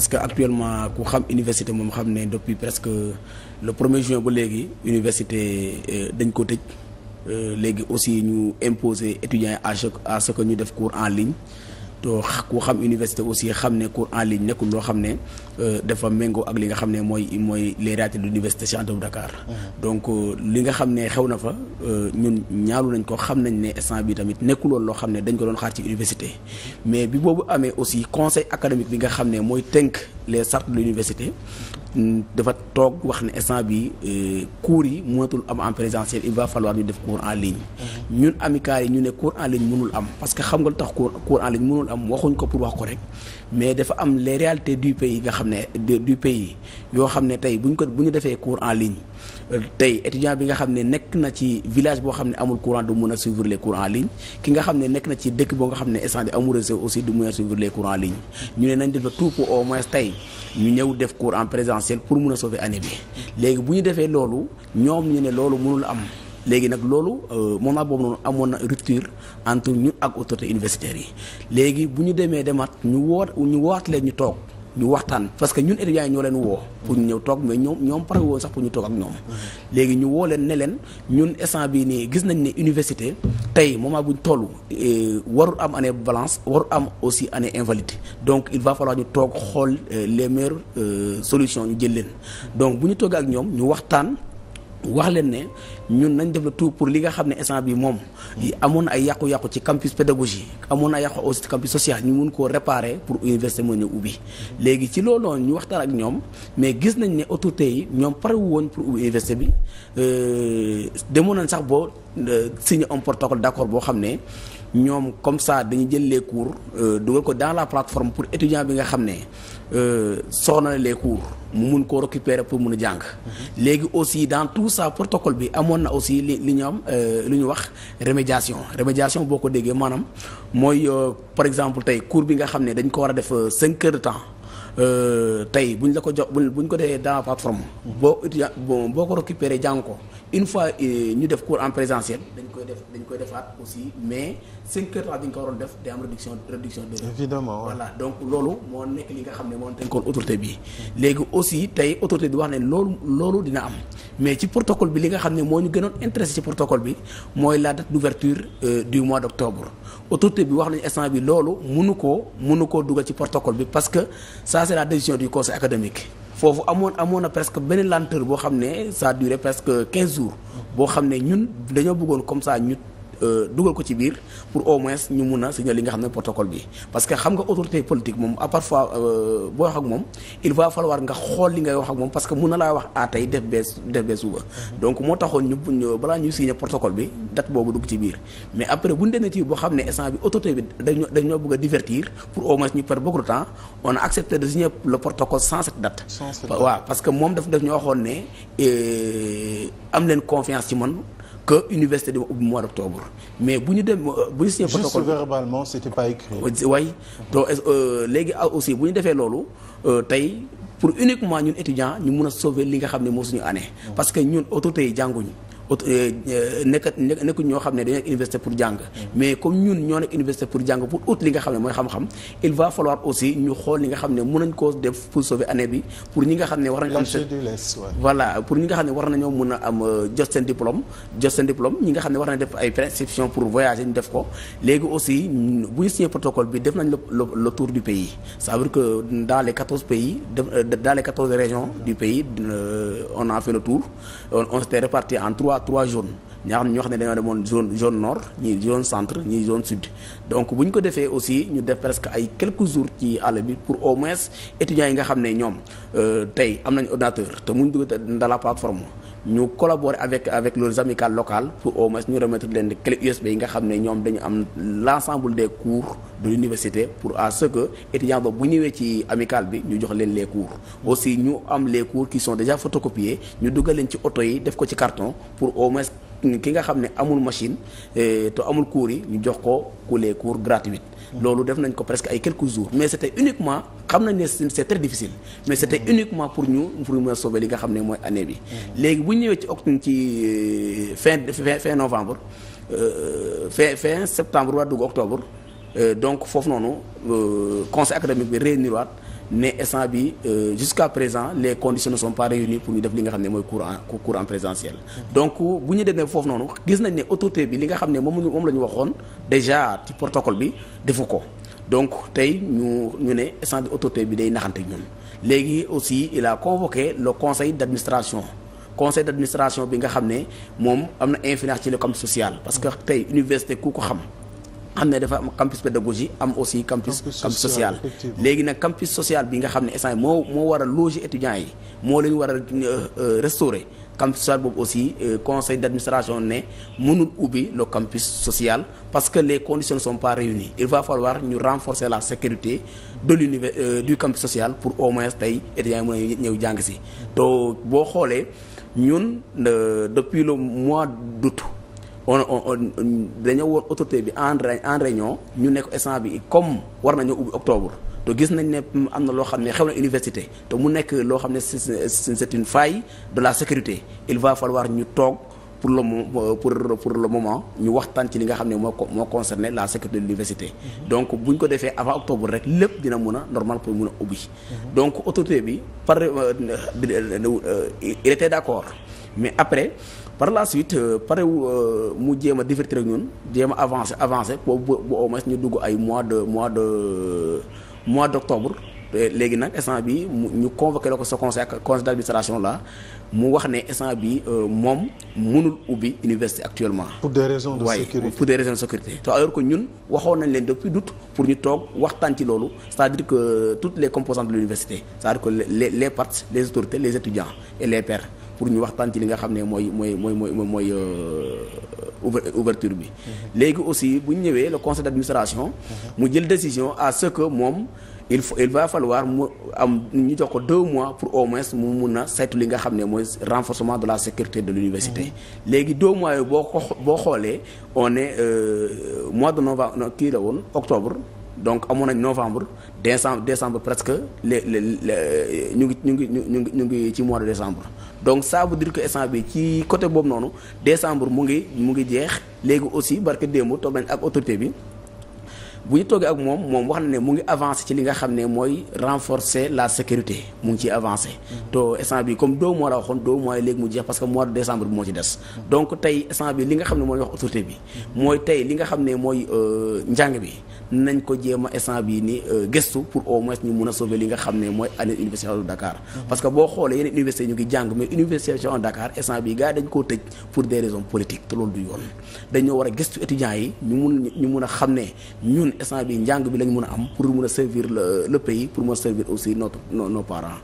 parce que actuellement ku xam université moom xam ne depuis presque le premier juin ba léegi université euh, dañ ko tëj euh, léegi aussi ñu imposer étudiants yi à ce à ce ñu def cours en ligne to ku xam université aussi xam ne cours en ligne nekkul loo xam ne euh, dafa méngoo ak li nga xam ne mooy mooy les lu de l'université Cheikh Anta Dakar mm-hmm. donc euh, li nga xam ne xew na fa euh, ñun ñaalu nañ ko xam nañ ne instant bi tamit nekkuloon loo xam ne dañ ko doon xaar ci université mm-hmm. mais bi boobu amee aussi conseil académique bi nga xam ne mooy tënk les chartes de l'université dafa toog wax ne instant bi euh, cours yi mënatul am en présentiel il va falloir ñu def cours en ligne mhm. ñun amicale yi ñu ne cours en ligne mënul am parce que xam nga lu tax cours cours en ligne mënul am waxuñ ko pour wax ko rek mais dafa am les réalités du pays nga xam ne du pays yoo xam ne tey buñ ko bu ñu defee cours en ligne euh, tey étudiant bi nga xam ne nekk na ci village boo xam ne amul courant du mën a suivre les cours en ligne ki nga xam ne nekk na ci dëkk boo nga xam ne instant bi amul réseau aussi du mën a mhm. ñu ne nañ def tout au moins tey ñu ñëw def cours en présentiel pour mun a sauver année bi léegi bu ñu defee loolu ñoom ñu ne loolu mënul am léegi nag loolu euh, moment boobu noonu amoon na rupture entre ñu ak autorité universitaires yi léegi bu ñu demee demaat ñu woot ñu woowaat leen ñu toog ñu waxtaan parce que ñun étudiants yi ñoo leen woo pour ñu ñëw toog mais ñoom ñoom pare woon sax pour ñu toog ak ñoom léegi ñu woo leen ne leen ñun instant bi nii gis nañ ni université tey moment buñ toll eh, warul am année balance warul am aussi année invalide donc il va falloir ñu toog xool eh, les meilleures euh, solutions ñu jël leen donc bu ñu toogee ak ñoom ñu waxtaan wax leen ne ñun nañ def le tout pour li nga xam ne instant bi moom amoon ay yàqu-yàqu ci campus pédagogie amoon ay yàqu aussi ci campus social ñu mun koo réparer pour université moo ñëw ubbi léegi ci looloo ñu waxtaan ak ñoom mais gis nañ ne autorités yi ñoom pare woon pour ubbi université bi euh, demoon nañ sax boo euh, signé un protocole d'accord boo xam ne ñoom comme ça dañu jël les cours euh, dugal ko dans la plateforme pour étudiant bi nga xam ne euh, soxna les cours mu mun koo récupérer pour mun a jàng. Mhm. léegi aussi dans tout ça protocole bi amoon na aussi li li ñu am euh, lu ñu wax remédiation remédiation boo ko déggee maanaam mooy par exemple tey cours bi nga xam ne dañ ko war a def cinq heures de temps. Euh, tey buñ la ko jox buñ ko defee dans la plateforme. boo utilisé boo ko récupéré jàng ko une fois euh, ñu def cours en présentiel dañ koy def dañ koy defaat aussi mais cinq heures dañ ko waroon def day am réduction réduction de. évidemment donc loolu moo nekk li nga xam ne moo tënkoon autorité bi. léegi aussi tey autorité bi wax ne loolu loolu dina am. mais ci protocole bi li nga xam ne moo ñu gënoon intéressé ci protocole bi mooy la date d'ouverture euh, du mois d'octobre autorité bi wax nañu instant bi loolu mënu koo mënu koo dugal ci protocole bi parce que ça c'est la du conseil académique foofu amoon amoon na presque benn lenteur boo xam ne ça a presque quinze jours boo xam ne ñun dañoo bëggoon comme ça Euh, dugal ko ci biir pour au moins ñu mun a signer li nga xam ne protocole bi parce que xam nga autorité politique moom à parfois euh, boo wax ak moom il va falloir nga xool li ngay wax ak moom parce que mun na laa wax a tey def bee def bee suba donc moo taxoon ñu balaa ñuy signer protocole bi date boobu dugg ci biir mais après bu ñu demee ci boo xam ne instant bi autorité bi dañoo dañoo bëgg a divertir pour au moins ñu perdre beaucoup de temps on a accepté de signer le protocole sans cette date waaw parce que moom daf daf ñu waxoon ne euh, am leen confiance ci man que université di mois d' mais bu ñu dem euh, bu ñu signé protocole juste verbalement c'était pas écrit. waay donc euh, léegi ah, aussi bu ñu defee loolu euh, tey pour uniquement ñun étudiants ñu mun a sauver li nga xam ne moo suñu année. parce que ñun autorités yi jànguñu. Euh, euh, nekkat nekkuñ ñoo xam ne dañu nekk université pour jàng mm. mais comme ñun ñoo nekk université pour jàng pour ut li nga xam ne mooy xam-xam il va falloir aussi ñu xool li nga xam ne mën nañ koo def pour sauver année bi pour ñi nga xam ne war nañ a am euh, jot seen diplôme jot seen diplôme ñi nga xam ne war def ay prescription pour voyager ñu def ko léegi aussi bu ñu protocole bi def nañ le tour du pays ça veut que dans quatorze pays dans quatorze régions du pays on a fait le tour on s'était réparti en trois à trois zones ñaa ñoo xam ne dañoo demoon zone zone nord ñii zone centre ñii zone sud donc bu ñu ko defee aussi ñu def presque ay quelques jours ci àll bi pour au moins étudiants yi nga xam ne ñoom euh, tey am nañ ordinateur te muñ dugg dans la plateforme ñu collaborer avec avec leurs amicales local pour au moins ñu remettre leen clé USB yi nga xam ne ñoom dañu am l' ensemble des cours de l'université pour à ce que étudiants bu ñëwee ci amical bi ñu jox leen les cours aussi ñu am les cours qui sont déjà photocopiés ñu dugal leen ci oto yi def ko ci carton pour au moins ki nga xam ne amul machine eh, te amul cours yi ñu jox ko ku les cours gratuits. loolu def nañ ko presque ay quelques jours mais c'était uniquement xam nañ ne c'est très difficile mais c'était uniquement pour ñu pour ñu sauver li nga xam ne mooy année bi léegi bu ñëwee ci octobre ci euh, fin fin novembre euh, fin fin septembre waa dugg octobre euh, donc foofu noonu conseil académique bi réunir waat mais instant bi euh, jusqu'à présent les conditions ne sont pas réunies pour ñu def li nga xam ne mooy cours en cours en bu ñu demee foofu noonu gis nañ ne autorité bi li nga xam ne moom moom la ñu waxoon déjà ci protocole bi defu ko donc tey ñu ñu ne instant bi autorité bi day naxante ñun. léegi aussi il a convoqué le conseil d'administration. conseil d'administration bi nga xam ne moom am na influence ci le com social parce que tey université ku ko xam. xam ne dafa am campus pédagogie am aussi campus campus social léegi nag campus social bi nga xam ne instant moo moo war a loger étudiants yi moo leen war a euh, euh, restaurer campus social boobu aussi euh, conseil d'administration ne mënul ubbi le campus social parce que les conditions ne sont pas réunies il va falloir ñu renforcer la sécurité de l'univers du campus social pour au moins tey étudiants yi mën a ñëw jàng si to boo xoolee ñun depuis le mois d'août on on dañoo woon autorité bi en en réunion ñu nekk instant bi comme war nañoo ubbi octobre te gis nañ ne am na loo xam ne xew na université te mu nekk loo xam ne c'est une faille de la sécurité il va falloir ñu toog pour le pour pour le moment ñu waxtaan ci li nga xam ne moo moo concerné la sécurité de l'université donc bu ko defee avant octobre rek lépp dina mun a normal pour mun a ubbi mhm. donc autorité bi par euh, euh, il était d'accord mais après par la suite euh, pare euh, mu jéem a divertir ak ñun jéem a avancer avancer boobu bu au moins ñu dugg ay mois de mois de mois d' octobre léegi nag instant bi ñu convoqué la ko sa conseil ak conseil d' administration là mu wax ne instant bi euh, moom mënul ubbi université actuellement. pour des raisons de sécurité pour de sécurité. te alors que ñun waxoon nañ leen depuis d'août pour ñu toog waxtaan ci loolu c'est-à-dire que toutes les composantes de l'université c'est-à-dire que les les parties les autorités les les pairs. pour ñu waxtaan ci li nga xam ne mooy mooy mooy mooy mooy euh, ouverture bi. Mhm. léegi aussi bu ñu ñëwee le conseil d' administration. Mhm. mu jël décision à ce que moom. il faut il va falloir mu am ñu jox ko deux mois pour au moins mu mun na saytu li nga xam ne mooy renforcement de la sécurité de l'université mhm. léegi deux mois yooyu boo ko boo xoolee on est euh, mois de novembre kii la woon octobre. donc amoon nañ novembre décembre décembre presque le les le ñu ngi ñu ngi ñu ngi ñu ngi ci mois de décembre donc saabu veut dire que instant bi ci côté boobu noonu décembre mu ngi mu ngi jeex léegi aussi barke démb toog nañ ak autorité bi bu ñu toogee ak moom moom wax na ne mu ngi avancé ci li nga xam ne mooy renforcer la sécurité mu ngi ciy avancé. to mm-hmm. instant comme deux mois la waxoon deux mois yi léegi mu jeex parce que mois de bi moo ci des. Mm-hmm. donc tey instant li nga xam ne mooy wax autorité bi. mooy mm-hmm. tey nga xam ne mooy euh, njàng bi nañ ko jéem a instant bii ni euh, gëstu pour au moins ñu mun a sauver li nga xam ne mooy année université de Dakar. parce que boo xoolee yeneen université ñu ngi jàng mais université de Dakar instant bi gars yi dañ koo tëj pour des raisons politiques te loolu yi ñu mun ñu a instant bi njàng bi lañ mun a am pour mun a servir le le pays pour mun a servir aussi no nos nos parents.